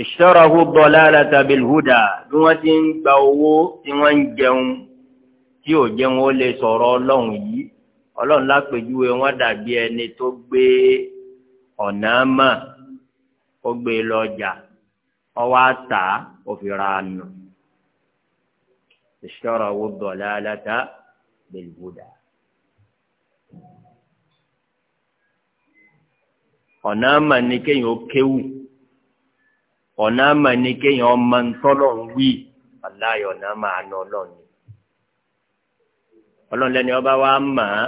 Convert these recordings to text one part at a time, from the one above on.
ìṣọ́ràhù dalalata bil huda bí wọ́n ti ń gba owó tí wọ́n ń jẹun tí ò jẹun ó lè sọ̀rọ̀ ọlọ́run yìí ọlọ́run lápèjúwe wọ́n dàbí ẹni tó gbé ọ̀nà mà ó gbé e lọ́jà ọwọ́ àtà òfin nù ìṣọ́ràhù dalalata bil ọ̀nà mà ni kéèyàn ó kéwù ọ̀nà àmà ni kéèyàn ọmọ ntọ́lọ́run wí aláyọ̀ ọ̀nà àmà àna ọlọ́run ọlọ́run lẹ́ni ọba wa mà á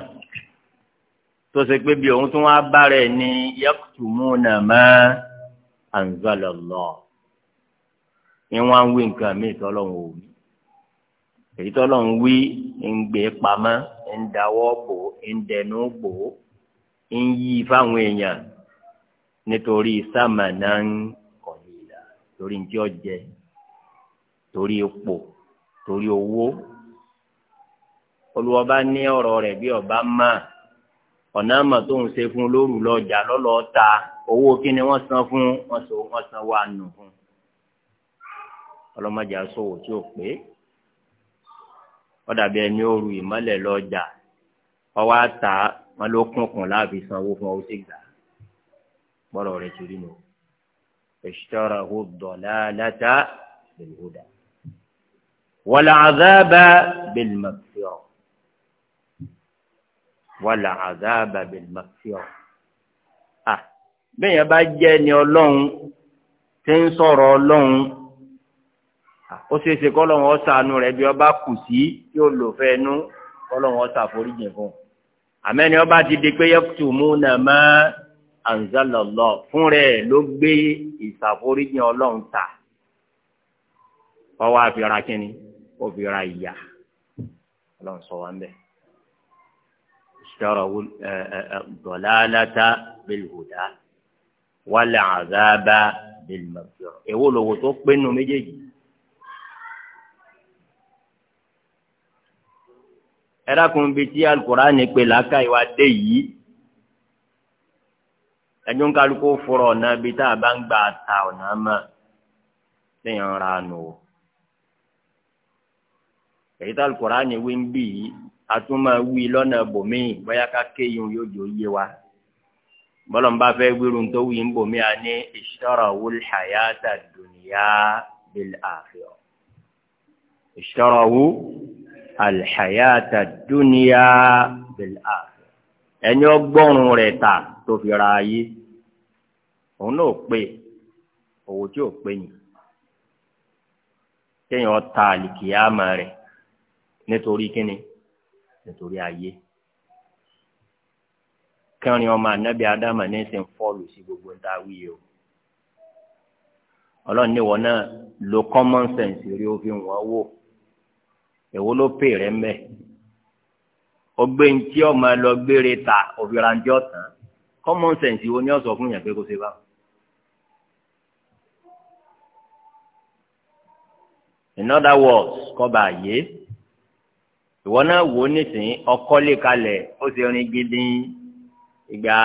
tó ṣe pé bí òun tún wá bá rẹ̀ ní yaqtumuna ma anzalallah ni wọ́n ń wí nǹkan míì tọ́lọ́run ò wí èyí tọ́lọ́run wí ń gbé pamọ́ ń dáwọ́ bò ń dẹnu bò ń yí fáwọn èèyàn nítorí sámà náà ń torí ntí ọjẹ torí ipò torí owó olùwọba ní ọ̀rọ̀ rẹ̀ bí ọba má ọ̀nà àmọ̀ tó ń ṣe fún lóru lọ́jà lọ́lọ́ ta owó kíni wọ́n san fún wọ́n sọ wọ́n san wà nù fún ọlọ́mọdé aṣọ́wò tí ò pé ọ̀dàbí ẹni òru ìmọ́lẹ̀ lọ́jà ọwọ́ àtà wọn ló kúnkùn láàbì sanwó fún ọwọ́ sí gbà gbọ́dọ̀ rẹ̀ torí nù. اشتره الضلالة بالهدى والعذاب بالمغفرة والعذاب بالمغفرة ah bẹ́ẹ̀ yẹn bá jẹ́ ni ọlọ́run tí ń sọ̀rọ̀ ọlọ́run ó ṣeé ṣe kọ́lọ́run ó ṣàánú rẹ̀ bí ọba kù sí tí ó lò fẹ́ nú kọ́lọ́run ó ṣàforíjì fún un àmẹ́ni ọba ti di pé yẹ́kùtù mú nà máa anzalallah fún rẹ̀ ló gbé ìsàforíjì ọlọ́run ta ọwọ́ àfihàn kínní ó fi ra ìyá ọlọ́run sọ wá ń bẹ̀. اشتروا الضلالة بالهدى والعذاب بالمغفرة èwo lòwò tó pé nínú méjèèjì ẹ dákun bíi tí alukóra ní pé làákàyè wa dé yìí ẹjọ́ ń kálukó fọ̀rọ̀ ọ̀nà bí tá a bá ń gba ta ọ̀nà mọ̀ lẹ́yìn ọ̀ra nù o. èyí tá Al-Kùránì wí ń bì yìí a tún máa wí lọ́nà bòmíì bóyá ká kéyìn yóò jò yé wa. bọ́lá ń bá fẹ́ wíru tó wí ń bòmíì a ní ishtarawul hayata dunya bil akhirah. ishtarawu al hayata dunya bil akhirah. ẹni ọgbọ́n rẹ̀ ta tó fi ra ayé òun náà pé owó tí ò pé yìí kéèyàn ta àlìkìyàmà rẹ̀ nítorí kíni nítorí ayé kẹrin ọmọ anabi adama ní sẹ ń fọlù sí gbogbo ń ta wíyẹ o ọlọ́run ní wọn náà lo common sense rí o fi wọ́n wò èwo ló pè rẹ mẹ́ ọgbẹ́ ọmọ ẹ lọ gbére ta òfìrànjọ́ tán common sense wo ni ó sọ fún yàn pé kó ṣe bá in other words kọba àyè ìwọ náà wò ó nísìnyí ọkọ lè kalẹ̀ ó ṣe orin gidi ìgbà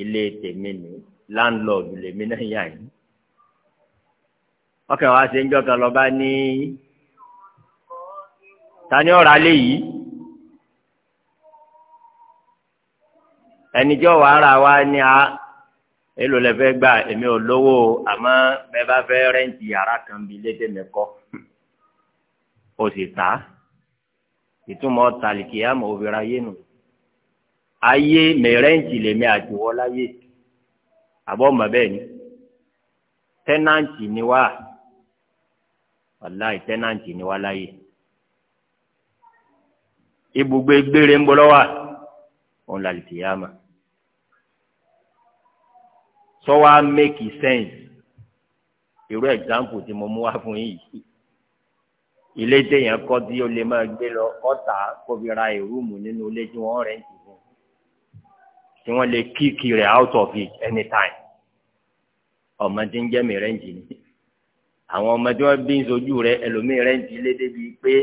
ilé tèmi ni landlord lèmi náà yà yín ọkàn wa ṣe ń jọ kan lọ bá ní ta ni ọ̀rọ̀ alẹ́ yìí. ẹnìjọ́ wàhálà wa ni a èlò lẹ fẹ́ gbà èmi ò lówó àmọ́ bẹ́ẹ̀ bá fẹ́ rẹ́ǹtì yàrá kan bíi lédè mi kọ́ o sì ta ìtumọ̀ tàlìkì àmọ́ òbíra yé nu ayé mẹrẹ́ǹtì lèmi àtiwọ́ láyé àbọ̀ mọ̀ bẹ́ẹ̀ ni tẹ́nàǹtì ni wá wàláì tẹ́nàǹtì ni wá láyé ibùgbé gbére ń bọ́ lọ́wọ́ òun làlìkì yá máa sọ wá make sense irú example tí mo mú wá fún yìí ilé téèyàn kọ́ tí ó lè máa gbé lọ ọ̀tà kó fi ra ìrúùmù nínú ilé tí wọ́n rẹ̀ǹtì fún tí wọ́n lè kíkì rẹ̀ out of it anytime ọmọ tí ń jẹ́ mi rẹ̀ǹtì ni àwọn ọmọ tí wọ́n bí ń sojú rẹ̀ ẹlòmíì rẹ̀ǹtì ilé débi pé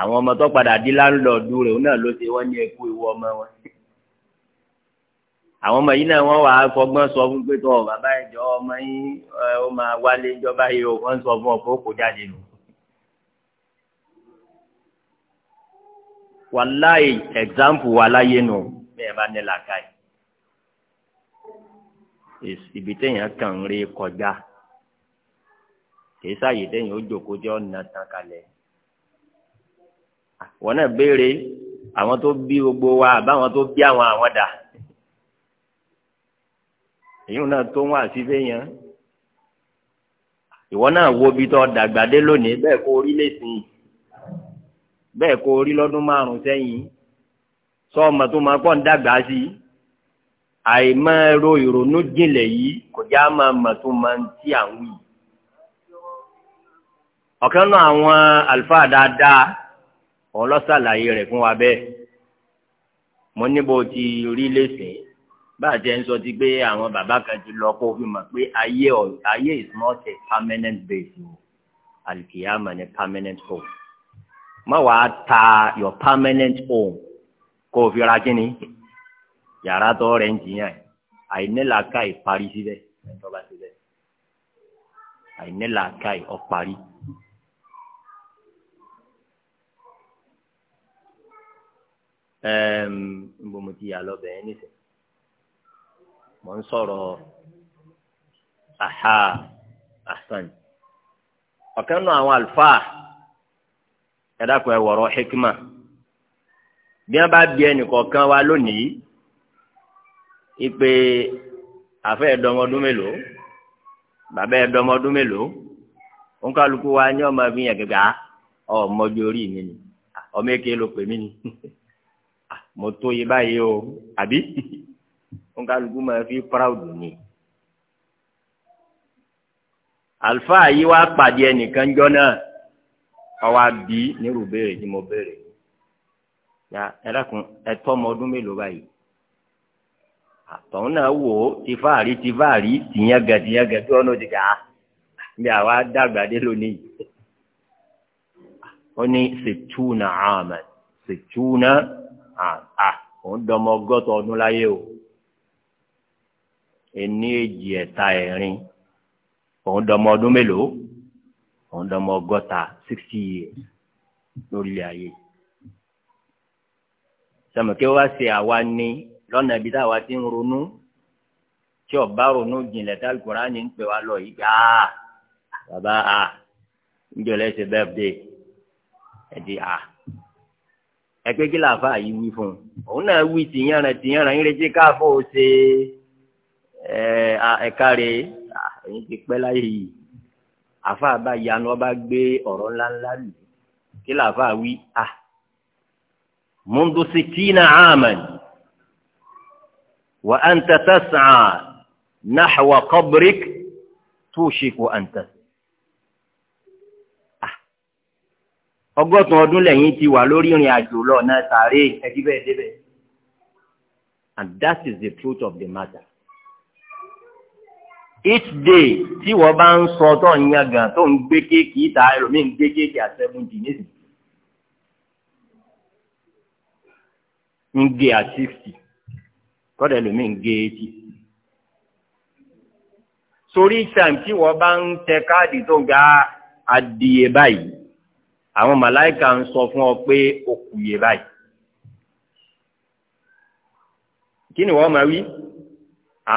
àwọn ọmọ tó padà di láńlọ́ọ̀dù rẹ̀ òun náà ló ṣe wọ́n ní ẹkú ìwọ ọmọ wọn àwọn ọmọ yìí náà wọ́n wà á fọgbọ́n sọ fún pé tọ́ bàbá ìjọ ọmọ yín ó máa wálé ìjọba yìí ó wọ́n sọ fún ọ pé ó kó jáde nù. wàláì ẹ̀gzámpù wà láyé nù bẹ́ẹ̀ bá ní làákàyè. ibi téèyàn kàn ń rí kọjá kì í sáàyè téèyàn ó jòkó jẹ́ ọ̀nà tán kalẹ̀. wọ́n náà béèrè àwọn tó bí gbogbo wa àbáwọn tó bí àwọn àwọn dà èyí náà tó ń wá sí fẹ́yàn ìwọ náà wo bí tọ́ dàgbà dé lónìí bẹ́ẹ̀ kó rí lẹ́sìn bẹ́ẹ̀ kó rí lọ́dún márùn-ún sẹ́yìn sọ́ọ̀mà tó máa pọ̀ ń dàgbà sí àìmọ́ ẹ̀rọ ìrònú jinlẹ̀ yìí kò já máa mọ̀ tó máa ń tí àwọn yìí. ọ̀kan náà àwọn àlùfáà dáadáa òun rẹ̀ fún wa bẹ́ẹ̀ mo níbo ti rí lẹ́sìn báàjẹ́ ń sọ ti pé àwọn bàbá kan ti lọ kó fi mọ̀ pé ayé ọ̀ ayé is not a permanent base o alikiyama ni permanent home má wàá ta your permanent home kó o fi ra kí ni yàrá tó rẹ̀ ń jiyàn àìnílàáká ìparí síbẹ̀ ẹ̀tọ́ bá síbẹ̀ àìnílàáká ọ̀parí. ẹ̀ẹ́m ń bomo ti yà lọ bẹ̀ẹ́ nísìnyí mò ń sọ̀rọ̀ aha asan ọ̀kan nù àwọn àlùfáà ẹ dákun ẹ wọ̀rọ̀ hikma bí wọ́n bá bí ẹnìkọ̀ọ̀kan wa lónìí ìpè àfẹ́ ẹ̀dọ́mọdún mélòó bàbá ẹ̀dọ́mọdún mélòó òǹkàlùkù wa ní ọmọ ẹbí yẹn gẹ́gẹ́ ọmọdé orí mi ni ọmọ èké ló pè mí ni mo tó yé báyìí o àbí wọn kálukú máa fi pàrọ̀dù ni. àlùfáà yìí wá pàdé ẹnìkan jọ náà ọwọ́ àbí nírú béèrè mo béèrè ya ẹlẹ́kùn ẹ̀tọ́ ọmọ ọdún mélòó báyìí àtọ̀hún náà wò ó tìfáàrí tìfáàrí tìyẹ́gẹ̀ tìyẹ́gẹ̀ tí wọ́n náà ti kà á ah, bí àwa dàgbà dé lónìí ó ní sètúnà àmà sètúnà àmà òun dọmọ ọgọ́tọ̀ ọdún láyé o ẹni èjì ẹ̀ta ẹ̀rin òun dọmọ ọdún mélòó òun dọmọ ọgọ́ta sixty years lórílẹ̀ ayé sọmọkẹ́ wá ṣe àwa ní lọ́nà ibi táwa ti ń ronú tí ọba ronú jìnlẹ̀ tá Al-Kùránì ń pè wá lọ yìí gbà á bàbá a njọlẹ ṣe birthday ẹdí a ẹgbẹ́ kí làáfà yìí wí fún un òun náà wí tìyànrẹ tìyànrẹ ń retí káfọ́ ṣe é. Eh, ah, ẹ̀ka rẹ̀ ah, ẹ̀yìn ti pẹ́ láyé yìí àfa àbá yanu ọba gbé ọ̀rọ̀ ńláńlá lù kí làfa wí a ah, mundu sitina aman wa anta tas'a nahwa qabrik tushiku anta ọgọ́tùn ọdún lẹ́yìn ti wà lórí ìrìn àjò lọ náà sàárè ẹ̀díbẹ̀ẹ́dẹ́bẹ̀ and that is the truth of the matter each day tí wọ́n bá ń sọ tó ń yan gan tó ń gbé kéèkì ìta ẹlòmíì ń gbé kéèkì at seventy nísìnyí ń gé at sixty kọ́dà ẹlòmíì ń gé eighty torí time tí wọ́n bá ń tẹ káàdì tó ga adìyẹ báyìí àwọn màláìka ń sọ fún ọ pé o kù yẹ báyìí kí ni wọ́n máa wí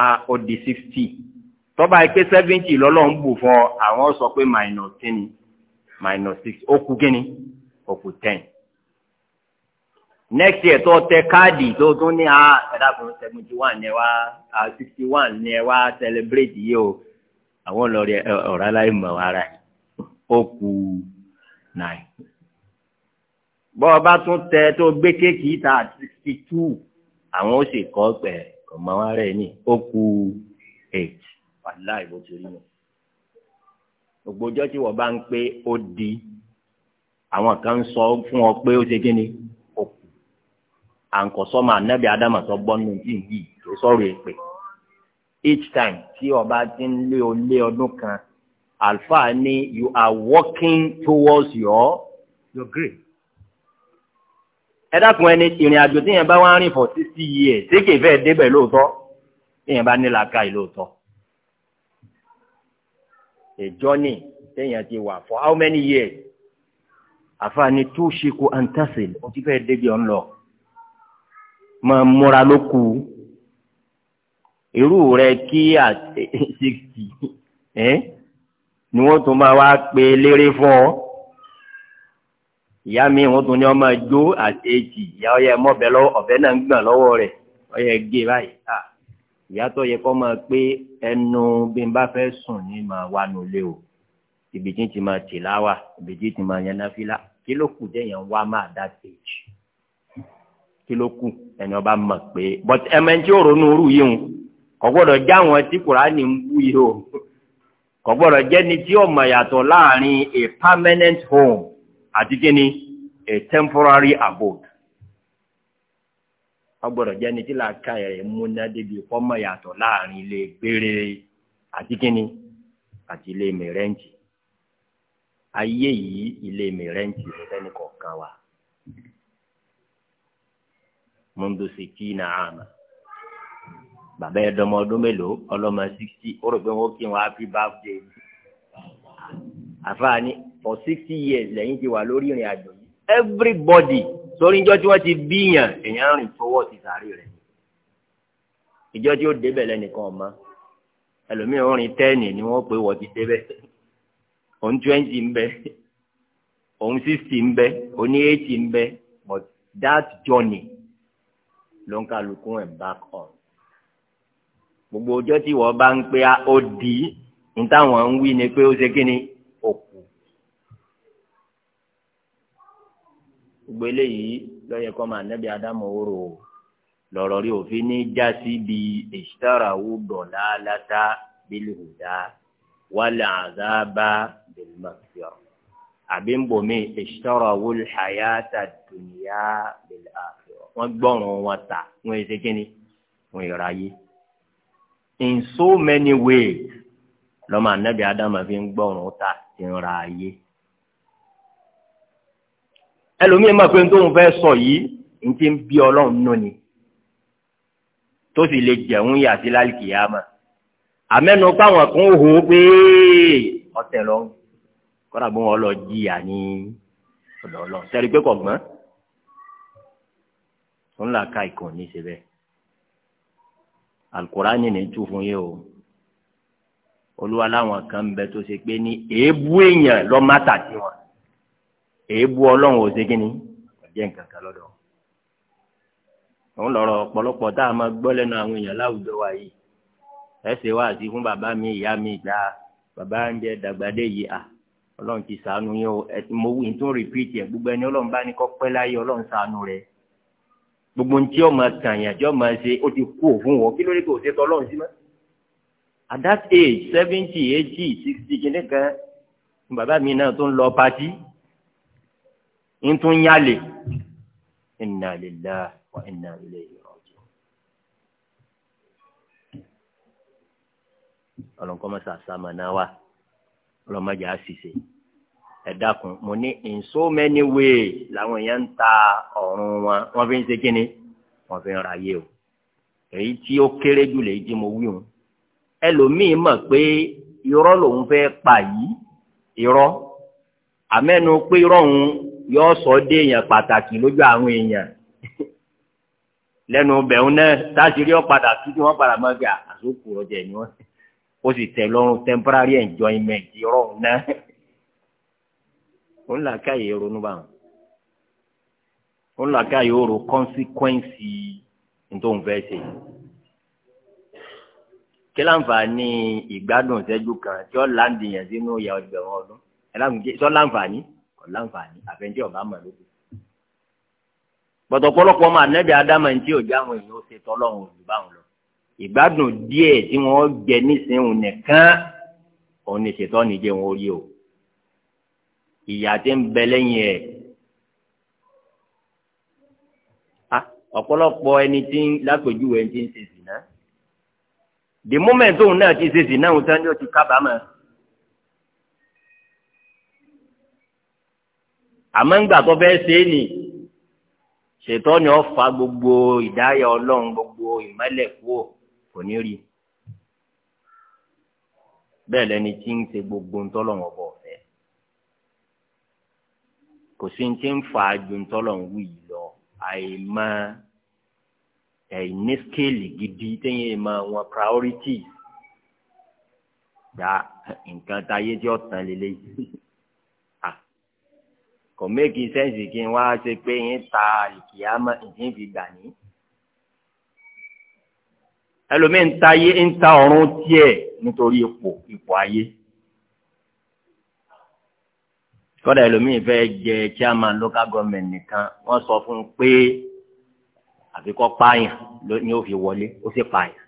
a ó di sixty tọ́ba ike seventy lọ́lọ́run bù fún ọ àwọn sọ pé minus ten ni minus six ó kú kíni ó kú ten next year tó tẹ káàdì tó tún ní a ah, ẹ̀dá fún seventy one ní ẹ wá ah, sixty one ní ẹ wá celebrate yìí o àwọn lọ́ọ̀rì ọ̀rá láì mọ̀ ara yìí ó kú nine bọ́ ọ bá tún tẹ tó gbé kéèkì ìta sixty two àwọn ó sì kọ́ pẹ̀ ọmọ wa rẹ̀ ní ó kú eight wàláì bó ti rí mi gbogbo tí wọ́n bá ń pé ó di àwọn kan ń sọ fún ọ pé ó ṣe kí ni ó àǹkọ̀sọ́mọ anábì adámàtọ́ gbọ́nù tí ì yìí kò sọ̀rọ̀ èpè each time tí ọba ti ń lé o lé ọdún kan alfa ni you are working towards your your grade ẹ dákun ẹni ìrìn àjò tí yẹn bá wá rìn for sixty years ṣé kèfẹ́ débẹ̀ lóòótọ́ tí yẹn bá ní làákàyè lóòótọ́ a journey téèyàn ti wà for how many years àfààní tó ṣe kó antasil o ti fẹ́ débi ọ̀n lọ máa múra ló kù irú rẹ kí àti sixty ni wọ́n tún máa wá pe eléré fún ọ ìyá mi wọ́n tún ní ọmọ ẹjọ́ àti èjì ìyá ọyẹ mọbẹ lọ́wọ́ ọbẹ náà ń gbọn lọ́wọ́ rẹ̀ ọyẹ gé báyìí ah ìyá yẹ kó máa pé ẹnu bí n bá fẹ́ sùn ní máa wà nulẹ̀ o ibi tí ti máa tìláwà ibi tí ti máa yẹn náfìlà kí ló kù déyàn wá máa dá tèjì kí ló kù ẹni ọba mọ̀ pé but ẹmẹ tí ó ronú irú yìí ń kò gbọ́dọ̀ já wọn tí kùránì ń bú yìí o kò gbọ́dọ̀ jẹ́ ni tí ó mọ̀ yàtọ̀ láàrin a permanent home àti kíni a temporary abode agbọ́dọ̀ jẹ́ ni tí làákà ẹ̀ múná débi kọ́mọ yàtọ̀ láàrin ilé gbére àti kínní àti ilé mìrẹ́ǹtì ayé yìí ilé mìrẹ́ǹtì fẹ́ni kọ̀ọ̀kan wa mundusi tina ama bàbá yẹn dọmọ ọdún mélòó ọlọmọ sixty ó rò pé wọn kí wọn happy birthday àfààní for sixty years lẹ́yìn ti wà lórí ìrìn àjò yìí everybody torí ìjọ tí wọ́n ti bíyàn èèyàn rìn tọwọ́ ti sàárè rẹ̀ ìjọ tí ó débẹ̀ lẹ́nìkan ọ̀ma ẹlòmíràn orin tẹ́ẹ̀nì ni wọ́n pè wọ́n ti débẹ̀ òun twenty ń bẹ òun sixty ń bẹ òun eighty ń bẹ but that journey ló ń kálukú ẹ̀ back on gbogbo ọjọ́ tí wọ́n bá ń pé ó di ní táwọn ń wí ni pé ó ṣe kí ni gbogbo eléyìí lọ́yẹ̀ kọ́ máa nẹ́bí adamu oró lọ́rọ̀ rí òfin ní jásí bí ìṣàràwù dọ̀là látà bílùdá wàlẹ̀ àzábà bílùmọ̀fíọ́ àbí ń bòmí ìṣàràwù hayata dùnìyà bílùmọ̀fíọ́ wọ́n gbọ́rùn wọn ta wọ́n èsì kínní wọ́n ìrà yé in so many ways lọ́mọ ànẹ́bí adamu fi ń gbọ́rùn ta ti ń ra ayé ẹlòmíín máa pé tóun fẹ́ sọ yìí ń ti ń bí ọlọ́run nù ni tó sì lè jẹun yà sí lálìkìyàmà àmẹ́nu káwọn kan hò ó pé ọ̀tẹ̀ lọ kọ́dà bí wọ́n lọ jìyà ní ọ̀dọ̀ọ̀lọ́ sẹ́rí pé kò gbọ́n tó ń là ká ìkàn ní ṣe bẹ́ẹ̀ alukurani ní tú fún yé o olúwa láwọn kan bẹ tó ṣe pé ní èébú èèyàn lọ́ọ́ má tà sí wọn èébú ọlọ́run ò ni ọ̀jẹ̀ nǹkan kan lọ́dọ̀ òun lọ́rọ̀ ọ̀pọ̀lọpọ̀ tá a máa gbọ́ lẹ́nu àwọn èèyàn láwùjọ wa yìí ẹ wá àti fún bàbá mi ìyá mi ìgbà bàbá ń jẹ dàgbàdé yìí à ọlọ́run ti sànù yín o mo wí tó ń rìpíìtì ẹ̀ gbogbo ẹni ọlọ́run bá ní kọ́ pẹ́ láyé ọlọ́run sànù rẹ̀ gbogbo ní tí ọmọ tàyàn tí ọmọ ṣe ó ti kú òfun wọn kí ló dé kó ṣe tọ́ ọlọ́run sí mọ́ at that age seventy eighty sixty kìnnìkan bàbá mi náà tó ń lọ pati ń tún yálè inna lillahi wa inna ilayhi raji'un. ọlọ́nkọ́ mọ́sá sàmánà wa ọlọ́mọdé á sì ṣe ẹ dákun mo ní in so many way làwọn èèyàn ń ta ọ̀run wọn wọ́n fi ń ṣe kíni wọ́n fi ń ra ayé o èyí tí ó kéré jù lè jí mo wí o ẹlòmíì mọ̀ pé irọ́ lòun fẹ́ pa yìí irọ́ àmẹ́nu pé irọ́ òun yóò sọ dé èèyàn pàtàkì lójú àwọn èèyàn lẹ́nu bẹ̀rún náà táṣírí ọ̀padà tún tí wọ́n padà máa fi àsókò ọjà ẹ̀ ni wọ́n ó sì tẹ̀ lọ́rùn temporary enjoyment rọrùn náà ó là káyè ronú báwọn ó ń là káyè ó ro consequence nítorí òun fẹ́ ṣe kí láǹfààní ìgbádùn ìṣẹ́jú kan tí ó láǹdì yẹn sínú ìyá ọgbẹ̀rún ọdún ẹ̀ láǹfààní ọ̀làǹfààní àfẹnjẹ́ ọ̀bá mọ̀ lóko. bọ̀dọ̀ pọ̀lọpọ̀ ọmọ ànẹ́bí adama ń tí òjá àwọn èèyàn ó ṣe tọ́lọ́run òjò báwọn lọ. ìgbádùn díẹ̀ tí wọ́n jẹ nísìnyìí nìkan òun ni ṣètọ́ níjẹ́ wọn ó yé o. ìyá tí ń bẹ lẹ́yìn ẹ̀ ọ̀pọ̀lọpọ̀ ẹni tí lápèjúwe ẹni ń ṣe zìnà the moment òun náà ti ṣe zìnà òun tán ni ó ti kábàámọ̀ àmọ́ ńgbà tó fẹ́ ṣe é nì ṣètò ni ó fa gbogbo ìdáyà ọlọ́run gbogbo ìmọ́lẹ̀ kúò kò ní rí bẹ́ẹ̀ lẹni tí ń ṣe gbogbo ńtọ́lọ́wọ́ bọ̀ ọ̀fẹ́ kò sí ní ń fa ju ńtọ́lọ́wọ́ wù yìí lọ àìmọ ẹ̀yìn skéèlì gidi téyìn mọ wọn priorities gba nǹkan táyé tí ó tán lélẹ́yìí. kò méèkì sẹ́ǹsì kí n wá ṣe pé yín ta ìkìyàmọ́ ìdín fi gbà ní. ẹlòmíín ta ayé ń ta ọ̀run tiẹ̀ nítorí ipò ipò ayé. kọ́dà ẹlòmíín fẹ́ jẹ chairman local government nìkan wọ́n sọ fún un pé àfikọ́ pààyàn ni ó fi wọlé ó sì pààyàn.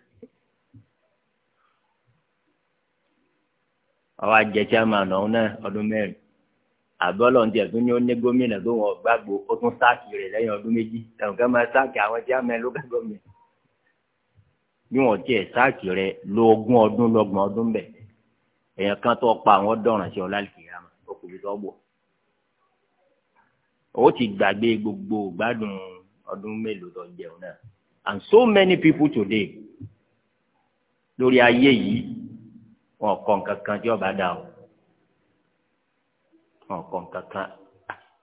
àwa jẹ chairman ọ̀hún náà ọdún mẹ́rin àbọ̀lọ̀ ń jẹ́ tún ní ó ní gómìnà tó wọ́n gbàgbó ó tún sáàkì rẹ̀ lẹ́yìn ọdún méjì ẹ̀wọ̀n kan máa sáàkì àwọn tí a mẹ́ lókè gómìnà bí wọ́n tiẹ̀ sáàkì rẹ̀ lo ogún ọdún lọ́gbọ̀n ọdún bẹ̀ èèyàn kan tó pa àwọn dọ̀ràn sí ọlá ìkìyàmà ọkùnrin tó bọ̀ ó ti gbàgbé gbogbo gbádùn ọdún mélòó tó jẹun náà and so many people today lórí ayé yìí wọn kọ nǹkan kan tí ọba dà o ọ̀kan kankan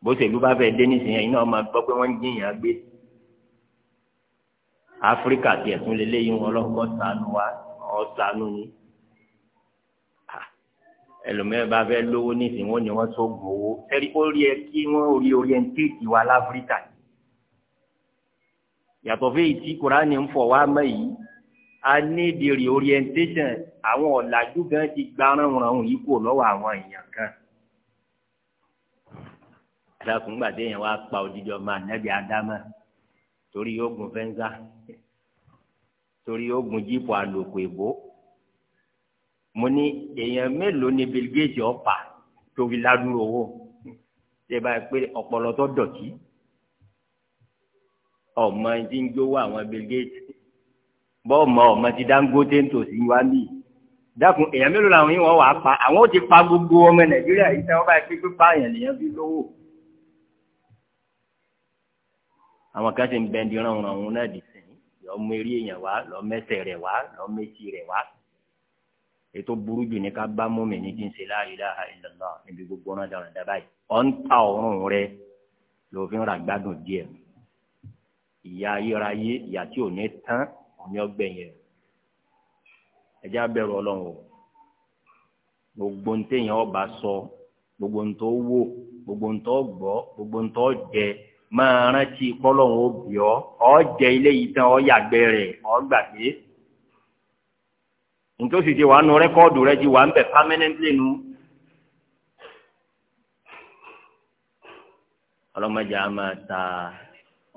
bó ṣèlú bá fẹ́ dé nísìnyẹn iná máa gbọ́ pé wọ́n ń jìyàn gbé áfíríkà tiẹ̀ tún lélẹ́yìn wọn lọ́kọ́ sànù wa ọ̀ sànù ni ah, ẹlòmíràn bá fẹ́ lówó nísìnyí wọ́n ní wọ́n tó gbò ó ẹ̀rí ó rí ẹ kí wọ́n rí orientate wa láfíríkà yàtọ̀ fún èyí tí kuraani ń fọ̀ wá mọ́ yìí a ní the reorientation àwọn ọ̀làjú gan ti gba ránranrun yìí kò lọ́wọ́ àwọn èèyàn kan ẹlẹ́kùn gbàdé yẹn wá pa òdìjọ ọmọ ànábì ádámà torí yóò gun fẹ́ńsà torí yóò gun jíìpù àlòkù èbó mo ní èèyàn mélòó ni Bill Gates ọ̀pá torí ládùúrò owó ṣé báyìí pé ọpọlọ tó dọ̀tí ọmọ ẹni tí ń gbówó àwọn Bill Gates bọ́ọ̀mọ ọmọ ti Dangote ń tòsí wá mí dákun èèyàn mélòó làwọn yìí wọ́n wàá pa àwọn ò ti pa gbogbo ọmọ Nàìjíríà yìí tí wọ́n bá pé pípa àyàn fi lówó àwọn kan ti ń bẹ́ẹ̀ dìran ọ̀ràn òun náà dì sẹ́yìn lọ mú eré èèyàn wá lọ mẹ́sẹ̀ rẹ̀ wá lọ mẹ́sì rẹ̀ wá ètò burú jù ní ká bá mọ́mì ní kí n ṣe la ilaha illallah níbi gbogbo ọ̀nà dáhùn dábàá yìí ọ̀ ń ta ọ̀run rẹ lòfin ra gbádùn díẹ̀ ìyá ayérayé ìyá tí ò ní tán òní ọgbẹ̀yìn rẹ̀ ẹjẹ́ abẹ́rù ọlọ́run o gbogbo ń téèyàn ọba sọ gbogbo ń tó wò gbogbo ń tó gbọ́ gbogbo ń tó jẹ máa rántí kọ́lọ́hún ó bì ọ́ ọ́ jẹ ilé yìí tán ọ́ yàgbẹ́ rẹ̀ ọ́ gbàgbé nítòsí ti wà nù rẹ́kọ́ọ̀dù rẹ ti wà ń bẹ̀ pámẹ́nẹ́ntì nu. ọlọ́mọdé a máa ta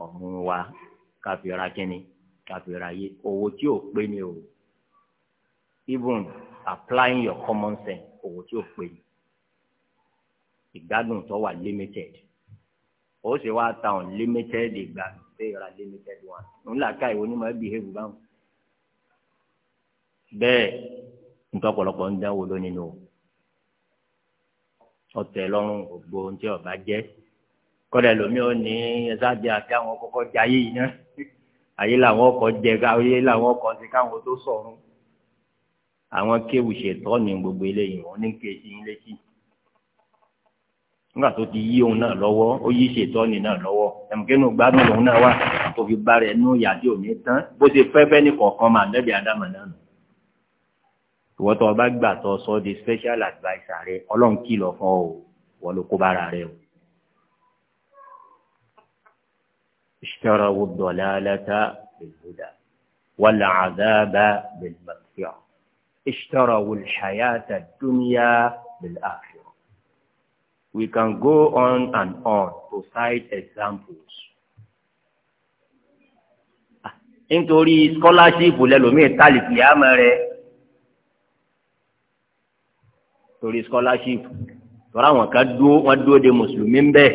ọ̀hún wa káfíra kínní káfíra yé owó tí ò pé ni o even applying your common sense owó tí ò pé ni ìgbádùn tó wà limited ó sì wá ta unlimited ìgbà pé ra limited one òun là ká ìwé onímọ̀ ẹbí hẹ́bù báwọn. bẹ́ẹ̀ ntọ́pọ̀lọpọ̀ ń dánwò lónìí nù ọ̀tẹ̀ lọ́rùn ògbó ohun tí ọba jẹ́ kọ́lẹ̀ lómi ò ní ẹ̀sáàdì àti àwọn kọ́kọ́ jẹ ayé yìí náà ayé làwọn ọkọ̀ jẹ ayé làwọn ọkọ̀ ti káwọn tó sọ̀rùn àwọn kéwù ṣètọ́ ní gbogbo eléyìí wọn ní kéjì ń nígbà tó ti yí òun náà lọ́wọ́ ó yí ṣètọ́ni náà lọ́wọ́ ẹ̀mùkẹ́nu gbádùn òun náà wà tó fi bá rẹ̀ nú yàtí òní tán bó ṣe fẹ́ bẹ́ẹ̀ ní kọ̀ọ̀kan máa lẹ́bi àdámà náà nù. ìwọ́n tó o bá gbà tó sọ di special adviser rẹ ọlọ́run kìlọ̀ fún ọ wọ́n ló kó bára rẹ o. اشتروا الضلالة بالهدى والعذاب بالمغفرة اشتروا الحياة الدنيا بالآخرة We can go on and on to cite examples. Ah, nítorí scholarship lẹ́lòmíì tálìkì àmọ́ rẹ̀ torí scholarship tọ́ra àwọn kan dúró wọ́n dúró de mùsùlùmí ń bẹ̀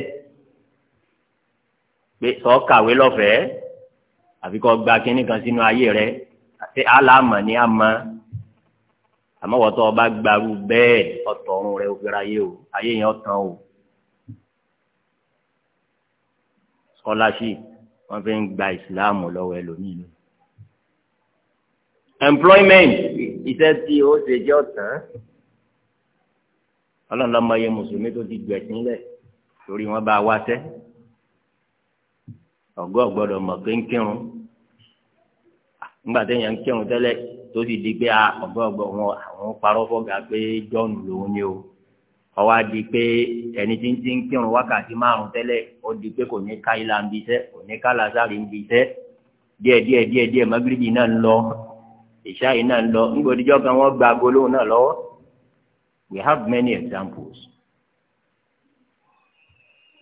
pé sọ kàwé lọ́fẹ̀ẹ́ àfi kọ́ gba kínní kan sínú ayé rẹ̀ àti àlàmọ̀ ni a mọ̀ àmọ́ wọ́n tó o bá gbarú bẹ́ẹ̀ ọ̀tọ̀ ọ̀run rẹ òfìrà yé o ayé yẹn ọ̀tàn o. sọláṣì wọ́n fi ń gba ìsìláàmù lọ́wọ́ ẹlòmíì ni. employment iṣẹ́ tí ó ṣe jẹ́ ọ̀tàn. ọlọ́run lọ́mọ iye mùsùlùmí tó ti gbẹ̀sìn lẹ̀ torí wọ́n bá wá sẹ́. ọ̀gọ́ ọ̀gbọ́dọ̀ mọ̀ kéńkéńrún. nígbà téèyàn ń kírun tẹ́lẹ̀ tó sì di pé ọgbọgbọ wọn àwọn parọ́ fọ́gà pé John lòun ni o ọwọ́ adi pé ẹni tí ń ti ń kírun wákàtí márùn tẹ́lẹ̀ ó di pé kò ní ká ilà ń bi iṣẹ́ kò ní ká lazari ń bi iṣẹ́ díẹ̀ díẹ̀ díẹ̀ díẹ̀ magiribi náà ń lọ ìṣá yìí náà ń lọ nígbà òdìjọ́ kan wọ́n gba agolóhùn náà lọ́wọ́ we have many examples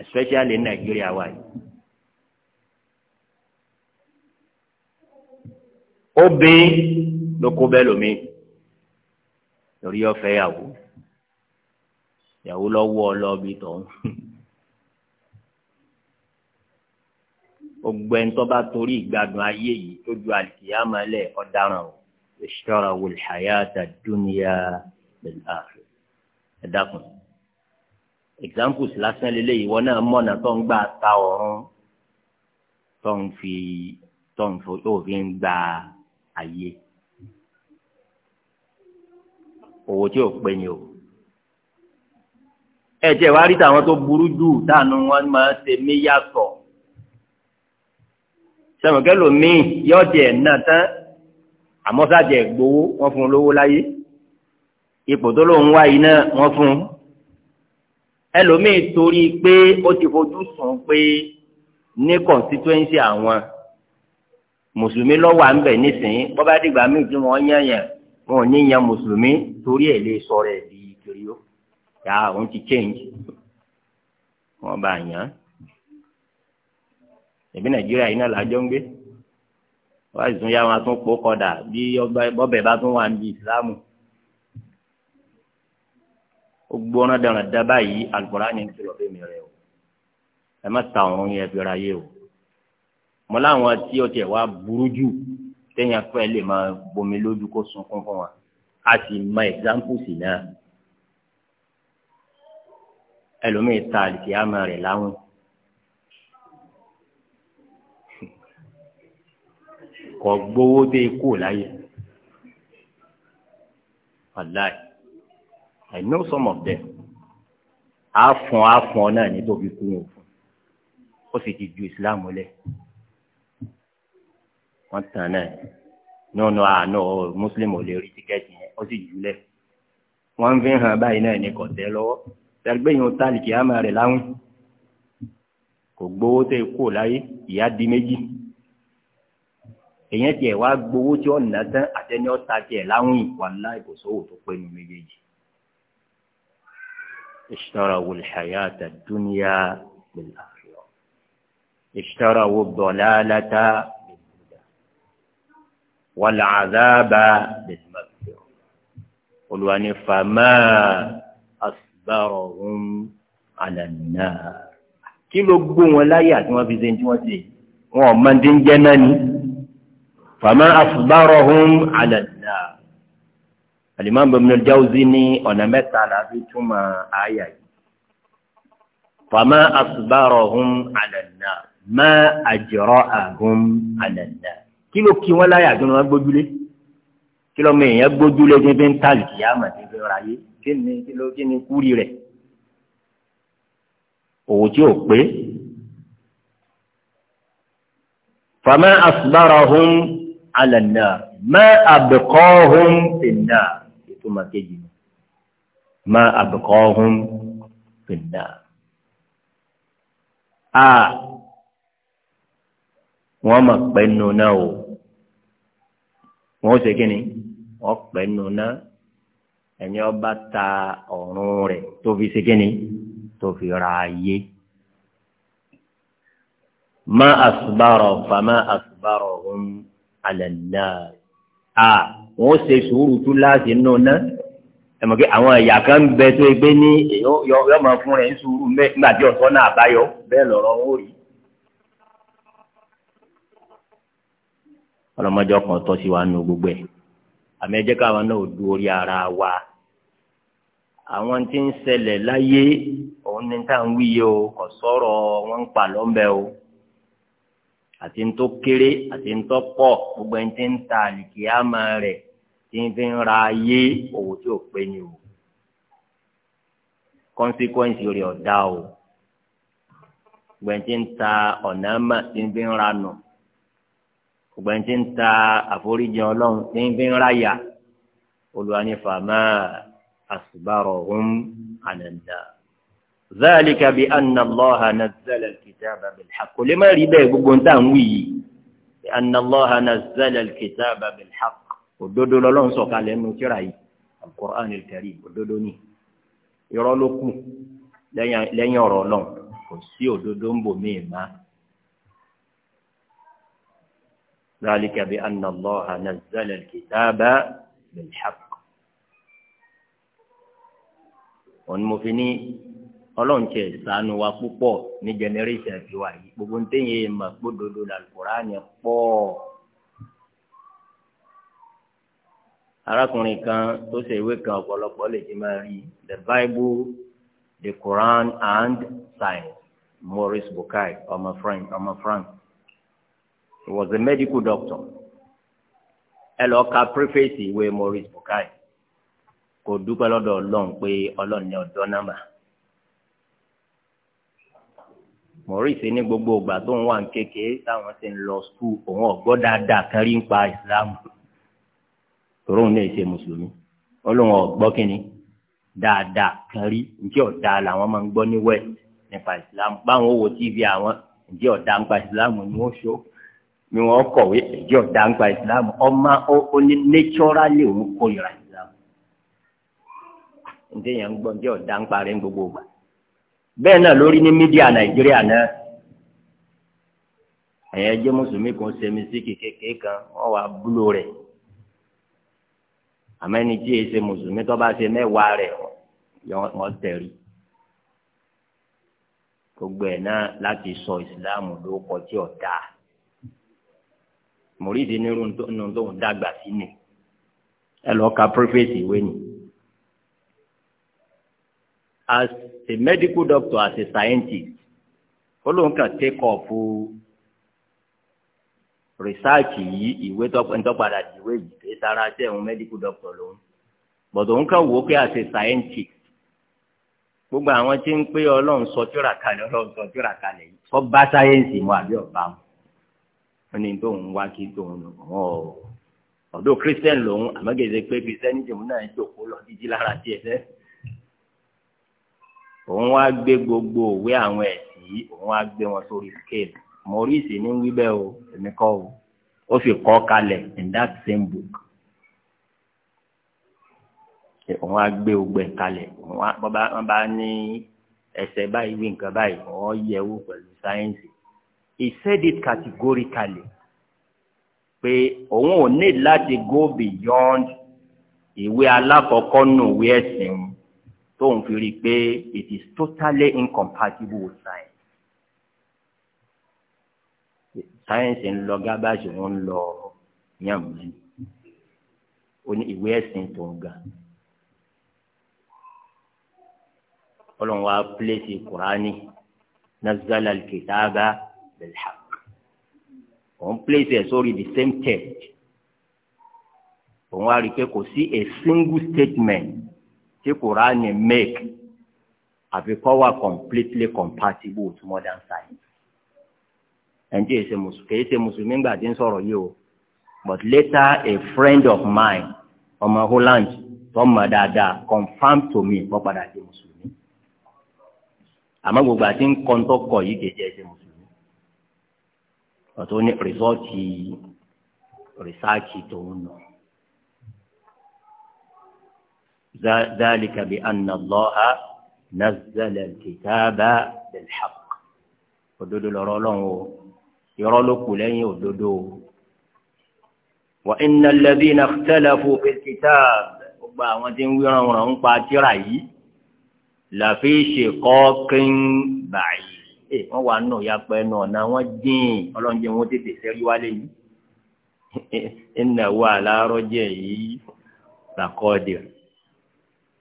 especially in Nigeria wa yìí. obìnrin ló kó bẹ́ẹ̀ lómi torí ọ̀fẹ́ yàwó yàwó lọ́wọ́ ọlọ́ọ̀bì tọ̀hún. gbogbo ẹni tó bá torí ìgbádùn ayé yìí tó ju àlìkìyàmá lẹ ọ̀daràn o ìṣọ́ra wòlíhàyàtà dúnìyà bẹ̀láàfẹ́ ẹ examples lásán lélẹ́yìí wọn náà mọ̀nà tó ń gbà ta ọ̀run tó ń fi tó ń fi òfin gba ayé owó tí ò pé ni o ẹ̀jẹ̀ wá rí tàwọn tó burú jù táànù wọn máa ṣe mí yàtọ̀ sẹ̀mọ̀kẹ́ lòmíì yọ̀jẹ̀ náà tán àmọ́ sáàjẹ̀ gbowó wọ́n fún un lówó láyé ipò tó lóun wá yìí náà wọ́n fún un ẹlòmíì torí pé ó ti fojú sùn pé ní constituency àwọn mùsùlùmí lọ́wọ́ à ń bẹ̀ nísìnyí bọ́bá dìgbà míì tí wọ́n yẹ̀yẹ̀ wọn ò ní yan mùsùlùmí torí ẹ̀ lè sọ̀rọ̀ ẹ̀ di kiri o yà òun ti change wọn bá yàn ẹbí nàìjíríà yìí náà làjọ ń gbé wọn sì tún yá wọn tún pò kọdà bí bọbẹ bá tún wà níbi ìsìlámù ó gbóná dáná dábàá yìí alukóraní ń kìlọ̀ fún mi rẹ o ẹ má ta òun yẹn fi ra yé o mo láwọn tí o tiẹ̀ wá burú jù téèyàn fẹ́ lè máa bomi lójú kó sunkún fún wa a sì mọ examples náà ẹlòmíì ta àlìkìyàmọ rẹ̀ láwọn. kọ gbowó dé kú láyé wàláì I know some of them àfọ̀n àfọ̀n náà ní tóbi kú wọn fún ó sì ti ju Islam lẹ̀. wọ́n tàn náà nínú àánú ah, muslim ò lè rí tíkẹ́ẹ̀tì yẹn ó sì jùlẹ̀ wọ́n ń fi hàn báyìí náà ní kọ̀tẹ́ lọ́wọ́ tẹ́gbẹ́yìn tálíkì àmà rẹ̀ láwìn kò gbowó tẹ́ kó láyé ìyá di méjì èyàn tiẹ̀ wá gbowó tí ó nà tán àtẹni tiẹ̀ ìbòsówò tó pé nu méjèèjì. wàlẹ̀ àdáàbà bẹ̀rẹ̀ olùwà ní fàmà àsùbárọ̀ ọ̀hún àlànà kí ló gbó wọn láyé àti wọn fi ṣe ní tí wọn ṣe wọn ọmọ ndé ń jẹ náà ni fàmà àsùbárọ̀ ọ̀hún àlànà alimami bẹ̀rẹ̀ jáuzi ní ọ̀nà mẹ́ta láti túmọ̀ àyà yìí fàmà àsùbárọ̀ ọ̀hún àlànà má àjọrọ̀ àhún àlànà kí ló kí wọn láyà tó ní wọn gbójúlé kí ló mọ èèyàn gbójúlé tí fi ń tà lùkì àmọ́ tí fi ra yé kí ni kí ló kí ni kúrì rẹ̀ òwò tí ò pé. fama asbarahum ala an ma abqahum fin-nar ìtumọ̀ kejì ma abqahum fin-nar. a wọ́n mọ̀ pé nínú náà o wọn ó ṣe kí ni wọn pẹ nù ná ẹni ọba ta ọrùn rẹ tó fi ṣe kí ni tó fi ra ayé má àsùbárọ fàmá àsùbárọ ọhún alẹ náà a wọn ó ṣe sùúrù tú láti nù ná àwọn ẹ̀yà kan bẹ tó gbé ní yọ máa fún rẹ ń sùúrù nígbà tí ọ̀tọ̀ náà bá yọ bẹ́ẹ̀ lọ̀rọ̀ wọn ò rí ọlọmọdé ọkàn tọ́ sí wa nù gbogbo ẹ àmì ẹ̀jẹ̀ káwọn náà ò du orí ara wa àwọn tí ń ṣẹlẹ̀ láyé òun ní tá à ń wíyé o kò wọn ń pa o àti ń tó kéré àti ń tó gbogbo ẹni tí ń ta àlìkíyàmà rẹ̀ tí ń ni o consequence rẹ̀ ọ̀dá o gbogbo ẹni tí ń ta ọ̀nà gbogbo ẹni tí ń ta àforíjì ọlọ́run tí ń fi ń ráyà fàmà àsùbárọ̀ ọ̀hún ànàdà. ذلك بأن الله نزل الكتاب بالحق kò lè má rí bẹ́ẹ̀ gbogbo ń tà ń wí yìí بأن الله نزل الكتاب بالحق òdodo lọ́lọ́run sọ̀kalẹ̀ nù tírà yìí al-Qur'an al-Karim òdodo ni irọ́ ló kù lẹ́yìn ọ̀rọ̀ ọlọ́run kò sí òdodo ń bò míì máa. ذلك بأن الله نزل الكتاب بالحق òun mo fi ní ọlọ́run tiẹ̀ ṣàánú wa púpọ̀ ní generation ti wa yìí gbogbo ntẹ́yìn mà gbódodo làlùkùránì pọ̀ arákùnrin kan tó ṣe ìwé kan ọ̀pọ̀lọpọ̀ lè ti máa rí the Bible the Quran and science Maurice Bukai ọmọ France ọmọ France He was a medical doctor. Ẹ lọ ka preface ìwé Maurice Bukai. Kò dúpẹ́ lọ́dọ̀ Ọlọ́run pé Ọlọ́run ní ọjọ́ nàmà. Maurice ní gbogbo ìgbà tó ń lọ skul òun ọ̀gbọ́ dáadáa kan ń pa Islam. Tòróhùn náà ṣe Mùsùlùmí. Ọlọ́run ọ̀gbọ́ kínní dáadáa kan ǹjẹ́ ọ̀dà làwọn máa ń West nípa Báwọn ò TV àwọn ǹjẹ́ ọ̀dà ń pa ni wọn wee ẹjọ dàgbà ìsìlámù ọmọ ó ní nẹtúrálì òun kórìíra ìsìlámù ǹjẹ́ yẹn ń ya ǹjẹ́ ọ̀dàǹpa rẹ̀ ń gbogbo gbà bẹ́ẹ̀ náà lórí ní mídíà nàìjíríà náà ẹ̀yẹ jẹ́ mùsùlùmí kan kékeré kan ọ wà búlò rẹ̀ àmọ́ tí èsè mùsùlùmí tó bá ṣe gbogbo náà láti sọ ọ mùrídìí nínú tó ń dàgbà sí ni ẹ lọ ka prefect ìwé ni as a medical doctor as a scientist ó lóun kàn take up research yìí ìwé tọ́padà ìwé yìí pé sára tẹ̀ ń medical doctor lòun but òun kàn wò ó pé as a scientist gbogbo àwọn tí ń pé ọlọ́run sọ tíra kalẹ̀ ọlọ́run sọ tíra kalẹ̀ yìí sọ bá sáyẹ́ǹsì mu àbí ọ̀bá mu wọn ní tóun wá kí tóun ọ ọdọ christian lòun àmọgẹsẹ pé christianity òun náà jòkó lọ títí lára tiẹ̀ sẹ òun wá gbé gbogbo òwe àwọn ẹ̀sìn yìí òun wá gbé wọn sórí scale maurice ní wíbẹ o èmi kọ́ o ó sì kọ kalẹ̀ in that same book òun á gbé ogbẹ kalẹ̀ òun á bọ́ bá ní ẹsẹ̀ báyìí wí nǹkan báyìí wọ́n yẹ̀ wò pẹ̀lú sáyẹ́ǹsì he said it categorically pé òun ò ní láti go beyond ìwé alákọ̀ọ́kọ́ nù ìwé ẹ̀sìn tóun fi rí pé it is totally incompatible with science. Science ń lọ gábàṣì ń lọ yànmùlẹ́ni ó ní ìwé ẹ̀sìn tó ń ga. ọlọ́run wa pílẹ̀sì kùránì nazala al-kitaba bil haqq òun place ẹ̀ sórí the same text òun á rí i pé kò sí a single statement tí Kùránì make àfi kọ́ wà completely compatible with modern science ẹnjẹ ẹsẹ mùsùlùmí kì í ṣe mùsùlùmí gbà tí ń sọ̀rọ̀ yìí o but later a friend of mine ọmọ Holland tó mọ̀ dáadáa confam to me wọ́n padà di mùsùlùmí àmọ́ gbogbo àti ń kọ́ ń tọkọ̀ yìí kì í ṣe ẹsẹ ọ̀tún ní rìsọ́ọ̀tì rìsáàkì tòun nù. ذلك بأن الله نزل الكتاب بالحق òdodo lọ̀rọ̀ Ọlọ́run o irọ́ ló kù lẹ́yìn òdodo o. wa inna alladhina ikhtalafu fil kitab gbogbo àwọn tí ń wíran wọn ń pa tírà yìí la fi shiqaqin ba'id. Ee, eh, wọn wà nù pẹ nù ọ̀nà wọn dín ọlọ́njẹ wọn tètè sẹ́rí wálé yìí ìnáwó jẹ yìí làkọ́ọ̀dì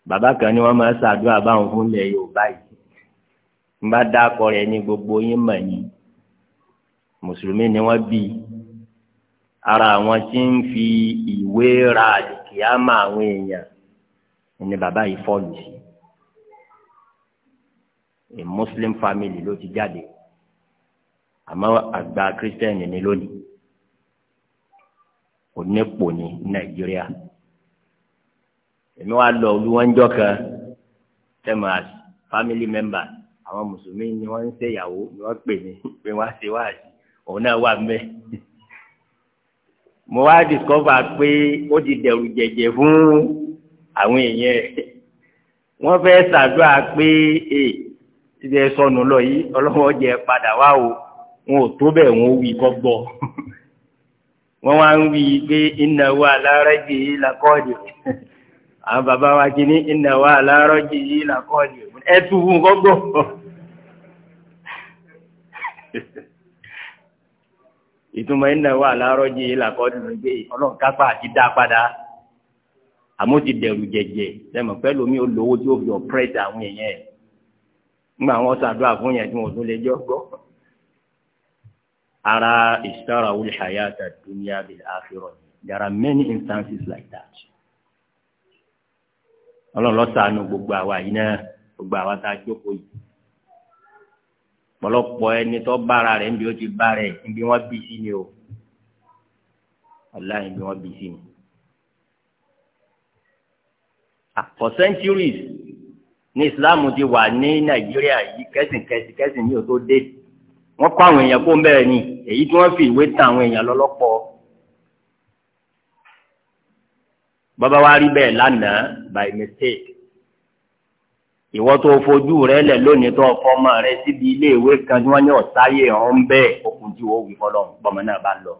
bàbá kan ni wọ́n máa ṣàdúrà báwọn fúnlẹ̀ Yorùbá yìí n bá dá akọ ní gbogbo yín mọ̀ ní mùsùlùmí ni bí ara ń fi ra àwọn èèyàn ni bàbá yìí sí a muslim family ló ti jáde àmọ́ àgbà kírísítẹ́nì ni lónìí onípò ní nàìjíríà èmi wá lọ olúwọ́njọ́ kan tẹ́mọ̀ as family member àwọn mùsùlùmí ni wọ́n ń ṣèyàwó ni wọ́n pè mí pé wọ́n á ṣe wáàsí òun náà wà mẹ́ mo wá discover pé ó ti dẹ̀rù jẹ̀jẹ̀ fún àwọn èèyàn ẹ̀ wọ́n fẹ́ ṣàdúrà pé èè. síbi ẹ sọnù lọ yìí ọlọ́wọ́ jẹ padà wá o wọn ò tó bẹ́ẹ̀ wọn wí kọ́ wọn wá ń wí pé ìnáwó alárẹ́jì làkọ́ọ̀dì àwọn bàbá wa kì ní ìnáwó alárẹ́jì yìí làkọ́ọ̀dì ẹ tún wù kọ́ ìtumọ̀ ìnáwó làkọ́ọ̀dì ló gbé ọlọ́run kápá àti dá padà ti dẹ̀rù lẹ́mọ̀ nígbà wọn ṣàdúrà fún yẹn tí wọn tún lè jọ gbọ́. ara ìṣàrà wuli hayata dunya bil akhirah there are many instances like that. ọlọ́run ló ṣàánú gbogbo àwa yìí náà gbogbo àwa tá a jókòó yìí pọ̀lọpọ̀ ẹni tó bára rẹ̀ níbi ó ti bá rẹ̀ níbi wọn bí sí ni o aláì níbi wọn bí sí ni. Ah, for centuries ní ìsìláàmù ti wà ní nàìjíríà yìí kẹ́sìn kẹ́sìn ní òtó dé wọ́n kọ́ àwọn èèyàn kó ń bẹ̀rẹ̀ ni èyí tí wọ́n fi ìwé tan àwọn èèyàn lọ́lọ́pọ̀ bàbá wa rí bẹ́ẹ̀ lánàá by mistake ìwọ tó fojú rẹ lẹ lónìí tó fọmọ rẹ síbi ilé ìwé kan tí wọ́n ní ọ̀sáyé ọ̀hún bẹ́ẹ̀ okùn tí wọ́n wí fọlọ́ bọ́mọ náà bá lọ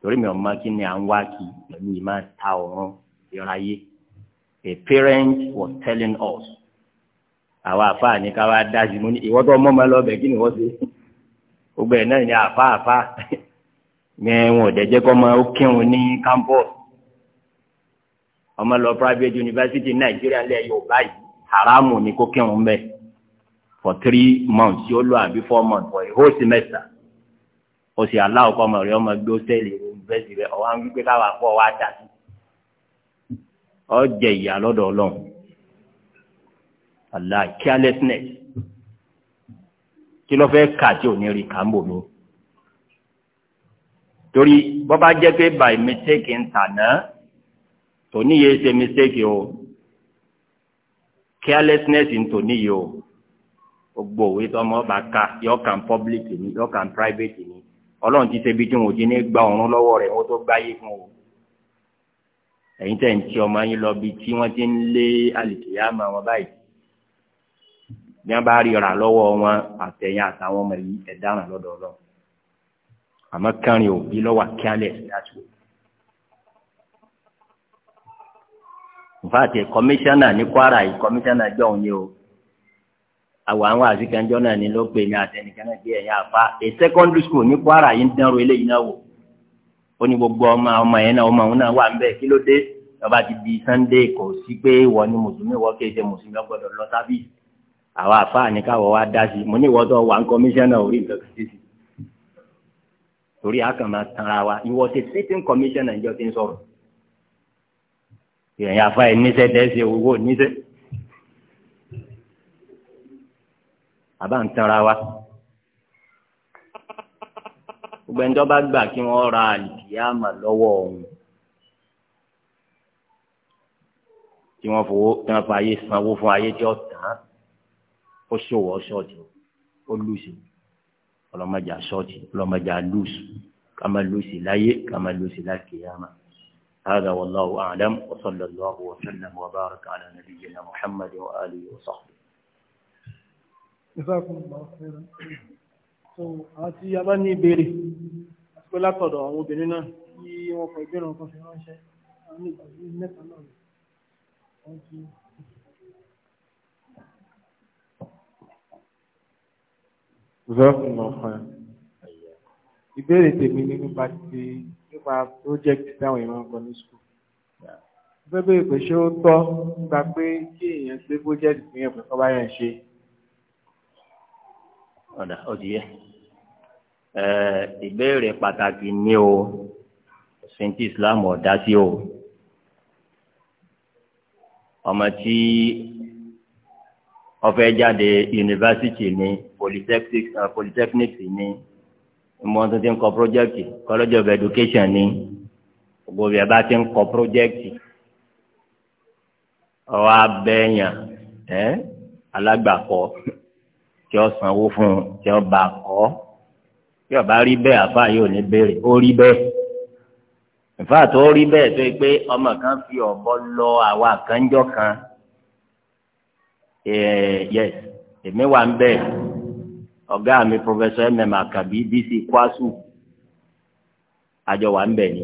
torí mi ò mọ kí ni à ń wá kí pẹ̀lú ìmọ̀ ta ọ̀run ìráyé a parent was telling us àwa àfáà ní ká wá dájú mo ní ìwọ tó mọ́ máa lọ bẹ̀ kí ni wọ́n ṣe gbogbo ẹ̀ náà ní àfáà àfáà ní wọn ò dẹ́jẹ́ kọ́ máa ó kírun ní campus ọmọ lọ private university Nàìjíríà ńlẹ̀ Yorùbá yìí haramu ni kó kírun bẹ́ẹ̀ for three months yóò lọ àbí four months for a whole semester ó sì aláwọ̀ kọ́ ọmọ rẹ̀ ọmọ gbé ó tẹ̀lé ìròyìn bẹ́ẹ̀ sì rẹ̀ ọ̀wá ń wípé káwá fọ́ wa dà sí ọjẹ ìyá lọ́dọ̀ Ọlọ́run Allah carelessness kí ló fẹ́ kà tí ò ní rí kàmbò mi torí bó bá jẹ́ pé by mistake ń tàná tòní yìí ṣe mistake o carelessness ń tòní yìí o gbogbo òwe tó ọmọ bá ka yọ kàn public ni yọ kàn private ni Ọlọ́run ti ṣe bí tí wọn ò ti ní gba ọ̀run lọ́wọ́ rẹ̀ wọ́n tó gbáyé fún o. ẹ̀yin tẹ̀ ń tí ọmọ yín lọ bí tí wọ́n ti ń lé àlìkìyàmà wọn báyìí bí wọ́n bá ọ̀rà lọ́wọ́ wọn àtẹ̀yìn àtàwọn ọmọ yìí ẹ̀dáràn lọ́dọ̀ àmọ́ kárin òbí lọ́wọ́ kíálẹ̀ kọmíṣánná ní Kwara yìí kọmíṣánná o àwọn àwọn náà ni ló pè ní àtẹnìkan náà bí ẹ̀yà a secondary school ní Kwara yìí ń dánrò eléyìí náà wò. ó ní gbogbo ọmọ ọmọ yẹn náà ọmọ òun náà wà ń bẹ kí ló dé lọba ti di sunday kò sí pé ìwọ ni mùsùlùmí ìwọ kì í ṣe mùsùlùmí ọgbọdọ lọ sábìsì àwa àfáà káwọ wa dá sí i mo ní ìwọ tó wà ń kọmíṣánná orí nǹkan kan sí torí a tanra wa ìwọ ti sitting commissioner ìjọ ti ń sọ̀rọ̀ ìrìn àfa ẹ níṣẹ dẹsẹ owó níṣẹ àbá ń tanra wa gbogbo ẹni tó bá gbà kí wọ́n ra àlìkìyàmà lọ́wọ́ òun tí wọ́n fowó tí wọ́n fa ayé sanwó fún ayé tí ó tán ó ṣòwò ṣọ́ọ̀tì ó lùsì ọlọ́mọdé ṣọ́ọ̀tì ọlọ́mọdé lùsì kàmá lùsì láyé kàmá lùsì lákìyàmà. هذا والله أعلم وصلى الله وسلم وبارك على نبينا محمد وآله وصحبه جزاكم الله خيرا so àwọn tí a bá ní ìbéèrè pé látọ̀dọ̀ àwọn obìnrin náà tí wọ́n kọ ìbéèrè wọn kan fi ránṣẹ́ àwọn ní ìgbà sí mẹ́ta náà rẹ̀ wọ́n ti. Zọ́ọ̀kùnmọ̀ fún ìbéèrè tèmi ní nípa ti nípa project táwọn èèyàn ń kọ ní school. Bẹ́ẹ̀ bẹ́ẹ̀ pé ṣé ó tọ́ nípa pé kí èèyàn gbé project yẹn pẹ̀lú ọba yẹn ṣe ọ̀dà ọ̀dìyẹ ìbéèrè pàtàkì ni o sèǹtì islam ọ̀dá sí o ọmọ tí ọfẹ́ jáde yunifásitì ní polytechnic polytechnic ní ìmọ̀tún ti ń kọ projẹ́kì college of education ní gbogbo bí a bá ti ń kọ projẹ́kì ọwọ́ abẹ́yàn alágbàkọ́ tí ó sanwó fún un tí ó bá kọ́ tí ó bá rí bẹ́ẹ̀ àfa yóò ní béèrè ó rí bẹ́ẹ̀ ìfà tó rí bẹ́ẹ̀ tó pé ọmọ kan fi ọ̀bọ lọ àwa àkànjọ́ kan eh, yes èmi wà ń bẹ́ẹ̀ ọ̀gá mi professor mm akabi dc kwasu àjọ wà ń bẹ̀ ni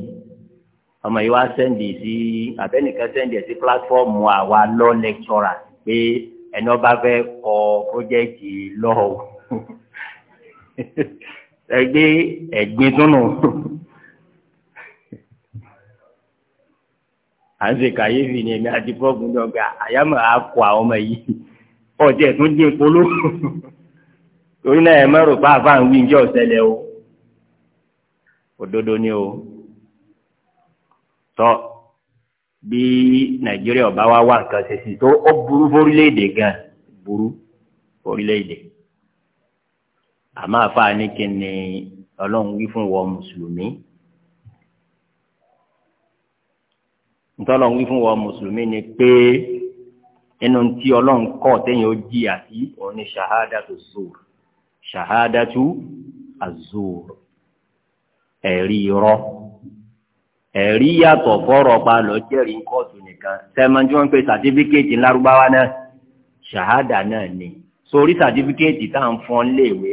ọmọ yìí wá sẹ́ndì sí abẹ́nìkan sẹ́ndì ẹ̀ sí pílátífọ́ọ̀mù àwa lọ́ lẹ́kítọ́rà pé ẹni ọba fẹ́ kọ pọ́jẹ́ẹ̀tì lọ́ọ̀ ẹgbẹ́ ẹ̀gbin túnú à ń ṣe kàyéfì ni èmi àti fọ́ọ̀gùn ní ọgbà àyàmọ̀ àkọ àwọn ọmọ yìí ọ̀jẹ̀ ẹ̀tún dín polú torí náà ẹ mẹ́rù bá àbá ń wí ní ọ̀sẹ̀lẹ̀ o òdodo ni o tọ́. So, bí nàìjíríà ọba wa wà nǹkan ṣe sí tó ó burú fórílẹ̀-èdè gan burú fórílẹ̀-èdè àmọ́ àfa ní kí ni ọlọ́run wí fún wọ mùsùlùmí ntọ́lọ́run wí fún wọ mùsùlùmí ni pé inú tí ọlọ́run kọ́ tẹ́yìn ó jí àti òun ni ṣahadatu zur ṣahadatu azur ẹ̀rí irọ́. E ẹ̀rí yàtọ̀ fọ́rọ̀ pa lọ jẹ́rìí kóòtù nìkan sẹ́mọ̀ tí wọ́n pe sàtífíkẹ́ẹ̀tì lárúbáwá náà ṣàhádà náà ni sórí sàtífíkẹ́ẹ̀tì tá à ń fọ́n léèwé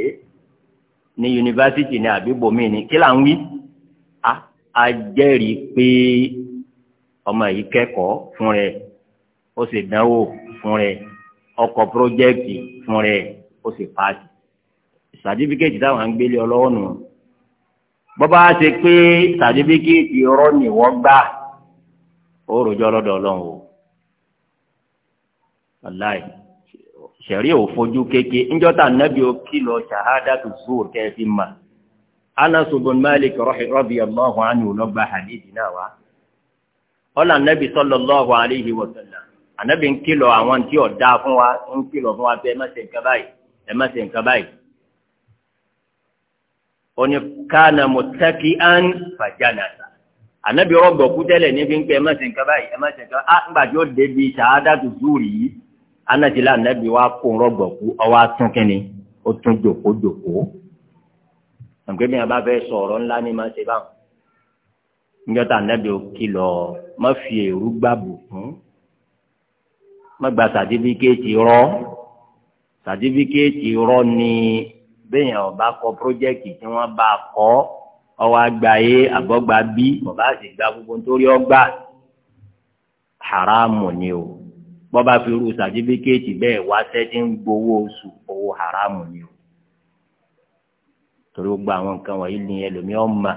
ní yunifásitì ní àbíbò mi ni kí là ń wí a jẹ́rìí pé ọmọ yìí kẹ́kọ̀ọ́ fún rẹ̀ ó sì dánwò fún rẹ̀ ọkọ̀ pírójẹ́kì fún rẹ̀ ó sì paasi sàtífíkẹ́ẹ̀tì táwọn ń gbélé ọlọ́wọ́ nù bọ́bá ṣe pé sàdébíkìtì ọ̀rọ̀ ni wọ́n gbà ó rojọ́ lọ́dọ̀ ọlọ́run o aláì sẹ̀rí ò o kìlọ̀ ṣahadatu zuur kẹ́ẹ̀fì mà Anas bin Malik radiyallahu anhu lọ́gbà hadith náà wá ọ̀là nàbí sallallahu alayhi wa sallam ànàbí ń kìlọ̀ àwọn tí ò dáa fún wa ń kìlọ̀ fún wa pé ẹ má ṣe nǹkan báyìí ẹ má ṣe nǹkan báyìí. oni kana mutaki an fajanasa anabi rọgbọ kutẹlẹ ní fi ń pẹ ẹ má ṣe nǹkan báyìí ẹ ah ńgbà tí ó débi sàádàtú zúrì yìí anadila anabi wa kó rọgbọ kú ọwọ atún kínní ó tún jòkó jòkó nǹkan bí wọn bá fẹ́ sọ̀rọ̀ ńlá ni má ṣe báwọn níjọta anabi ó kìlọ̀ má fi èrú gbàbù fún má gba sàtífíkẹ́ẹ̀tì rọ sàtífíkẹ́ẹ̀tì rọ ni bẹ́yàn ọba kọ pírójẹ́kì tí wọ́n bá kọ́ ọwọ́ àgbà yé àbọ̀gbà bí bàbá sì gba gbogbo nítorí ọgbà haramu ni o bọ́ba fi irú sàtífíkẹ́ẹ̀tì bẹ́ẹ̀ wá sẹ́tí ń gbowó oṣù owó haramu ni o torí gbogbo àwọn nǹkan wọ̀nyí ni ẹlòmíràn ma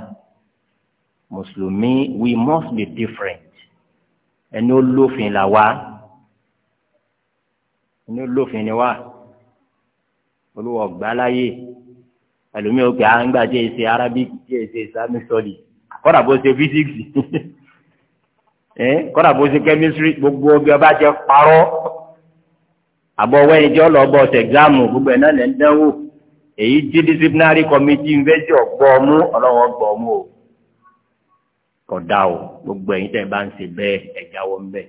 mùsùlùmí we must be different ẹni ó lófin là wá ẹni ó lófin ni wá olúwa ọgbà ẹlòmíì ó pè á ah, ń gbà tí èsè arabic tí èsè islamic study kọ́dà bó ṣe physics eh, kọ́dà bó ṣe chemistry gbogbo ọgbẹ́ ọba jẹ́ parọ́ àbọ̀wọ́ ẹni tí ó lọ bọ̀ gbogbo ẹ̀ náà lẹ́ ń dánwò èyí tí disciplinary committee ń fẹ́jọ́ ọmú ọlọ́wọ́ ọgbọ́ ọmú o kódà o gbogbo ẹ̀yin tẹ́ bá ń ṣe bẹ́ẹ̀ ẹ̀já wọ́n bẹ́ẹ̀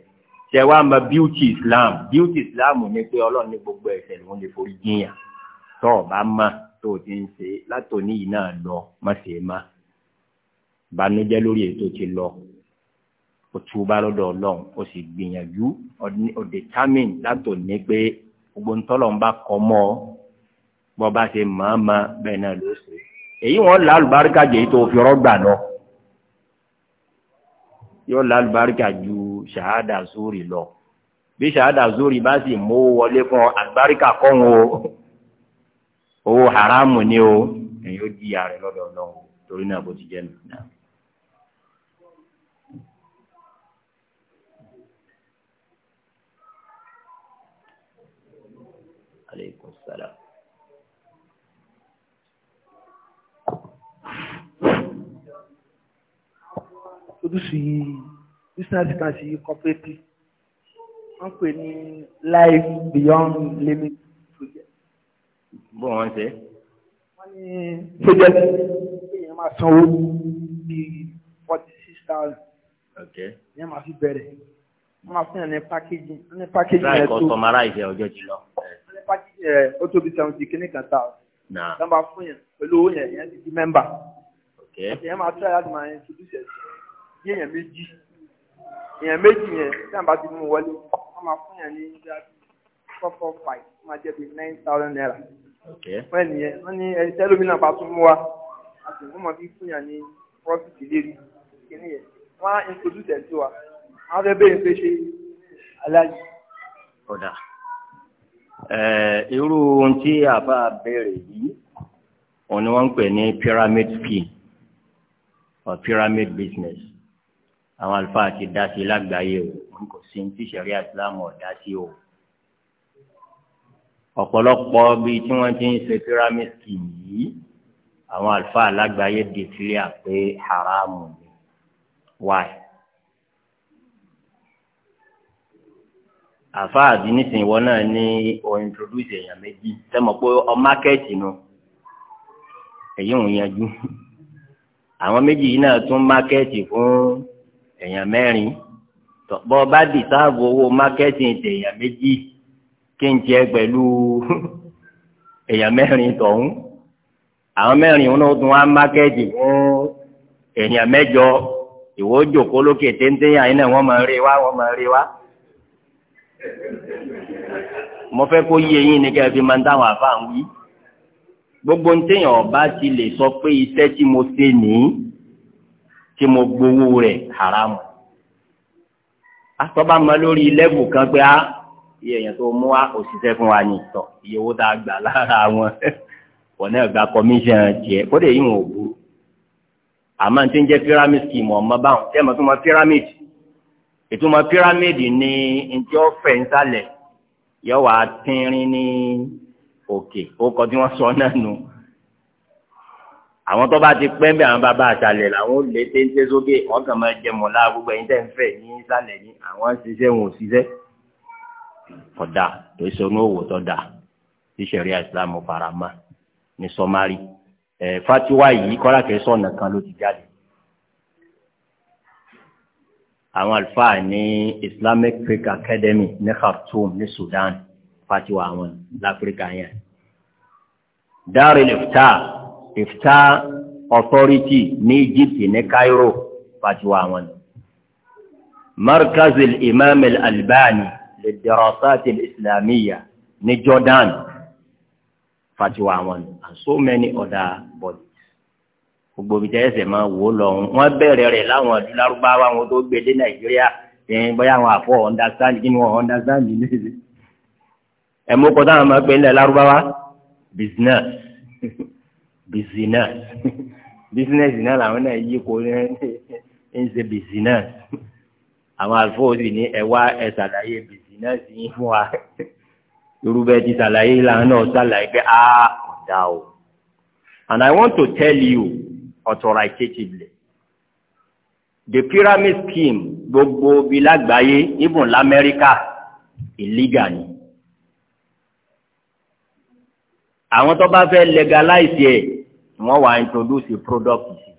ṣe ma beauty islam beauty islam ní pé ọlọ́run ní gbogbo ẹ̀ṣẹ̀ ló ń lè forí jiyàn tọ́ ọ bá mọ̀ tó ti ń ṣe látòní yìí náà lọ má ṣe má banújẹ́ lórí ètò ti lọ o túba lọ́dọ̀ Ọlọ́run o sì gbìyànjú o determine látòní pé gbogbo ntọ́lọ̀ ń bá kọ́ mọ́ ọ bọ́ bá ṣe màmá bẹ́ẹ̀ náà ló ṣe èyí wọn là alùbáríkà jẹ́ tó fi rọ́gbà lọ yóò là alùbáríkà ju ṣahada zuri lọ bí ṣahada zuri bá sì mú wọlé fún alùbáríkà kọ́ wọn o owó haramu ni o ẹ̀yin ó di ìyá rẹ̀ lọ́dọ̀ Ọlọ́run torí náà bó ti jẹ́ nù. Aleykum salaam. oríṣi business kan sí cooperative wọ́n pè ní life beyond limits bó wọn ṣe. wọ́n ní sójẹ́ èèyàn máa sanwó bíi forty six thousand. ok èèyàn máa fi bẹ̀rẹ̀ wọ́n máa fún yàn ní pákéjì ní pákéjì rẹ̀ tó. láì kọ́ sọmara ìṣe ọjọ́ jù lọ. ní pákéjì rẹ̀ ó tóbi seventy kìíní kan ta ọ̀. náà lọ́ba fún yàn pẹ̀lú owó yẹn yẹn ti di mẹ́mbà. ok èèyàn máa tẹ́lẹ̀ láti máa introduce ẹ̀ sí èèyàn méjì èèyàn méjì yẹn tí àbá ti mú wọlé wọ́n máa fún yàn ní four four five máa jẹ́ bíi nine thousand naira. wọ́n ní wọ́n ní ẹni tẹ́lómi náà bá tún mú wa àti wọ́n mọ̀ bí fúnyàn ní profit lérí kíní yẹn wọ́n á introduce ẹ̀ sí wa wọ́n á fẹ́ bẹ́ẹ̀ pé ṣe aláàjì. ọ̀dà irú ohun tí a bá bẹ̀rẹ̀ yìí òun ni wọ́n ń pè ní pyramid scheme or pyramid business àwọn àlùfáà ti dá sí lágbàáyé o wọn kò sí ní tíṣẹ̀rí àtìlámù ọ̀dá sí o ọ̀pọ̀lọpọ̀ bíi tí wọ́n ti ń ṣe tírámìsì yìí àwọn àlùfáà lágbàáyé di sílẹ̀ pé haramu ni wáyé. àfáà bí nísìnyí wọn náà ní o introduce èèyàn méjì sẹ́mọ̀ pé ọ mákẹ́ẹ̀tì nu èyí ń yanjú àwọn méjì yìí náà tún mákẹ́ẹ̀tì fún èèyàn mẹ́rin tọ́ bọ́ bá dìsáàbù owó mákẹ́ẹ̀tì tèèyàn méjì kí n èèyàn mẹ́rin tọ̀hún àwọn mẹ́rin wọn tún wá mákẹ́ẹ̀tì fún èèyàn mẹ́jọ ìwọ jòkó lókè téńté àyìn náà wọ́n máa ń rí wá wọ́n máa ń rí wá. mo fẹ́ kó yí eyín ni kẹ́ẹ̀ fi máa ń táwọn àfáà ń wí. gbogbo ń téèyàn ọba ti lè sọ pé iṣẹ́ tí mo ṣe nìí tí mo gbowó rẹ̀ haramu. àtọ́ba máa lórí lẹ́bù kan pé á. Ah, iye èèyàn tó mú wa òṣìṣẹ́ fún wa ní ìtọ̀ iye owó tá a gbà lára wọn wọn náà gba commission tiẹ̀ kódé yìí wọn ò burú àmọ́ tí ń jẹ́ pyramid scheme ọmọ báwọn tí ẹ mọ̀ tó mọ pyramid ìtumọ̀ pyramid ní ntí ó fẹ̀ ń sálẹ̀ yọ wá tínrín ní òkè ó kọ tí wọ́n sọ náà nù àwọn tó bá ti pẹ́ bí àwọn bàbá àṣàlẹ̀ làwọn ó lé téńté sókè wọ́n kàn máa jẹ mọ̀lá gbogbo ẹ̀yin tẹ́ ń fẹ̀ ní sálẹ̀ ní àwọn ṣiṣẹ́ wọn ò kọ̀dà kìí ṣe oníwòwò tó dà tí sẹ̀ríà islam fara mọ́ ní sọmárì ẹ̀ fatiwa yìí kọ́lá kìí sọ̀nà kan ló ti jáde. àwọn àlùfáà ní islamic fiqh academy ní khartoum ní sudan fatiwa àwọn láfíríkà yẹn. darul ifta ifta authority ní egypt ní cairo fatiwa àwọn. markazil imam al-albani. للدراسات الإسلامية ní Jordan fatiwa wọn and so many other bodies gbogbo ibi tẹ́ ẹsẹ̀ máa wò ó lọ wọ́n bẹ̀rẹ̀ rẹ̀ láwọn ọdún lárúbáwá wọn tó gbé dé Nàìjíríà ẹ̀yìn bóyá àwọn àfọ understand kí ni wọ́n understand ní ẹ̀sẹ̀ ẹ̀ mú kọ́ táwọn máa pè ń lárúbáwá business business business náà làwọn náà yí kó ní ń ṣe business àwọn àlùfáà òsì ní ẹ̀wá ẹ̀sàlàyé business náà sì yín fún wa yorùbá ti ṣàlàyé ìlànà náà ṣàlàyé pé a ọ̀dà o and I want to tell you authoritatively the pyramid scheme gbogbo bi lágbàáyé even lamẹ́ríkà illegal ni àwọn tó bá fẹ́ legalize ẹ̀ wọ́n wá introduce product yìí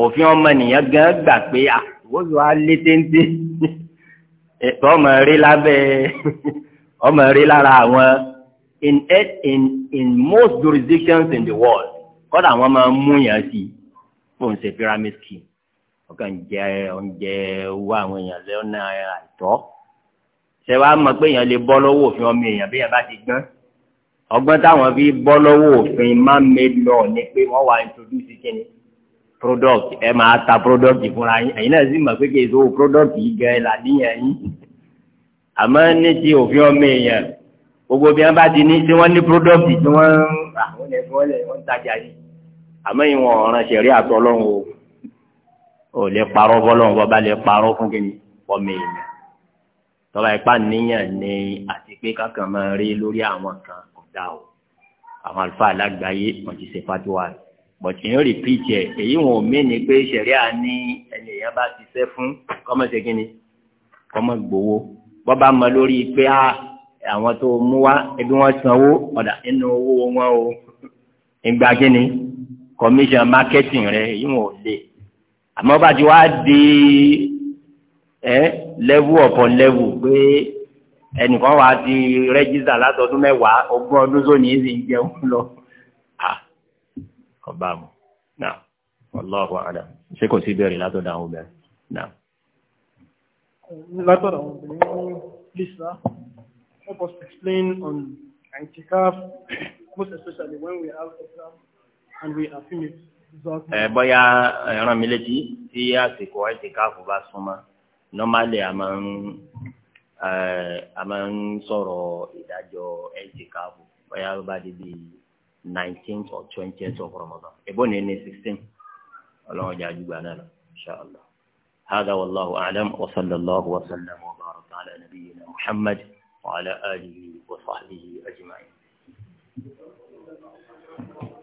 òfin ọmọnìyàn gan gbà pé àwọn ah, yóò wá lé téńté ètò eh, ọmọ rí lábẹ́ ọmọ rí lára àwọn in eh, in in most jurisdictions in the world kọ́dà àwọn máa ń mú yàn sí fóun ṣe pyramid scheme ọkàn jẹ oúnjẹ owó àwọn èèyàn lọ́nà àìtọ́ ṣe wàá mọ̀ pé èèyàn lè bọ́ lọ́wọ́ òfin ọmọ èèyàn bí èèyàn bá ti gbọ́n ọgbọ́n táwọn fi bọ́ lọ́wọ́ òfin man-made law ni pé wọ́n wá introduce kíni product ẹ máa ta product fúnra yín ẹ̀yin náà sì mọ̀ pé kì í sọ product yìí gan ẹ̀ là níyàn yín àmọ́ ní ti òfin ọmọ èèyàn gbogbo bí wọn bá ti ní tí wọn ní product tí wọn àwọn ẹ̀ fún ọlẹ̀ wọn ń tajà yìí àmọ́ ìwọ̀n ọ̀ràn ṣẹ̀rí àtọ́ ọlọ́run o ò lè parọ́ bọ́lọ́run bọ́ bá lè parọ́ fún kí ni ọmọ èèyàn tọ́ba ipá níyàn ni àti pé kákan máa rí lórí àwọn kan kò o àwọn àlùfáà lágbàáyé wọn ti ṣe fatiwa bọ̀tí yóò rìpíìtì ẹ̀ èyí wọn ò mí ni pé ṣẹ̀ríà ní ẹni èèyàn bá ti sẹ́ fún kọ́mọ̀ṣe kínní kọ́mọ̀ gbowó bọ́ bá mọ lórí pé ah, àwọn tó mú wá ebi wọn sanwó ọ̀dà nínú owó wọn o ìgbà kínní commission marketing rẹ èyí wọn ò lè àmọ́ bá ti wá di ẹ level upon level pé ẹnìkan wà á ti rẹ́gísà látọdún mẹ́wàá ogún ọdún sóní ìsìn jẹun lọ bá mu náà wallahu a'lam ṣé kò sí ìbéèrè látọ̀dọ̀ àwọn obìnrin náà. látọ̀dọ̀ àwọn obìnrin please sir help us explain on antikaf most especially when we have exam and we are finished. ẹ bọ́yá ẹran mi létí tí àsìkò antikaf bá súnmọ́ normally a máa ń a máa ń sọ̀rọ̀ ìdájọ́ antikaf bọ́yá ló bá dé bíi nineteenth or twentieth of Ramadan ebo ní ní sixteen ọlọ́run jẹ́ àjùgbà náà lọ inshàlá هذا والله أعلم وصلى الله وسلم وبارك على نبينا محمد وعلى آله وصحبه أجمعين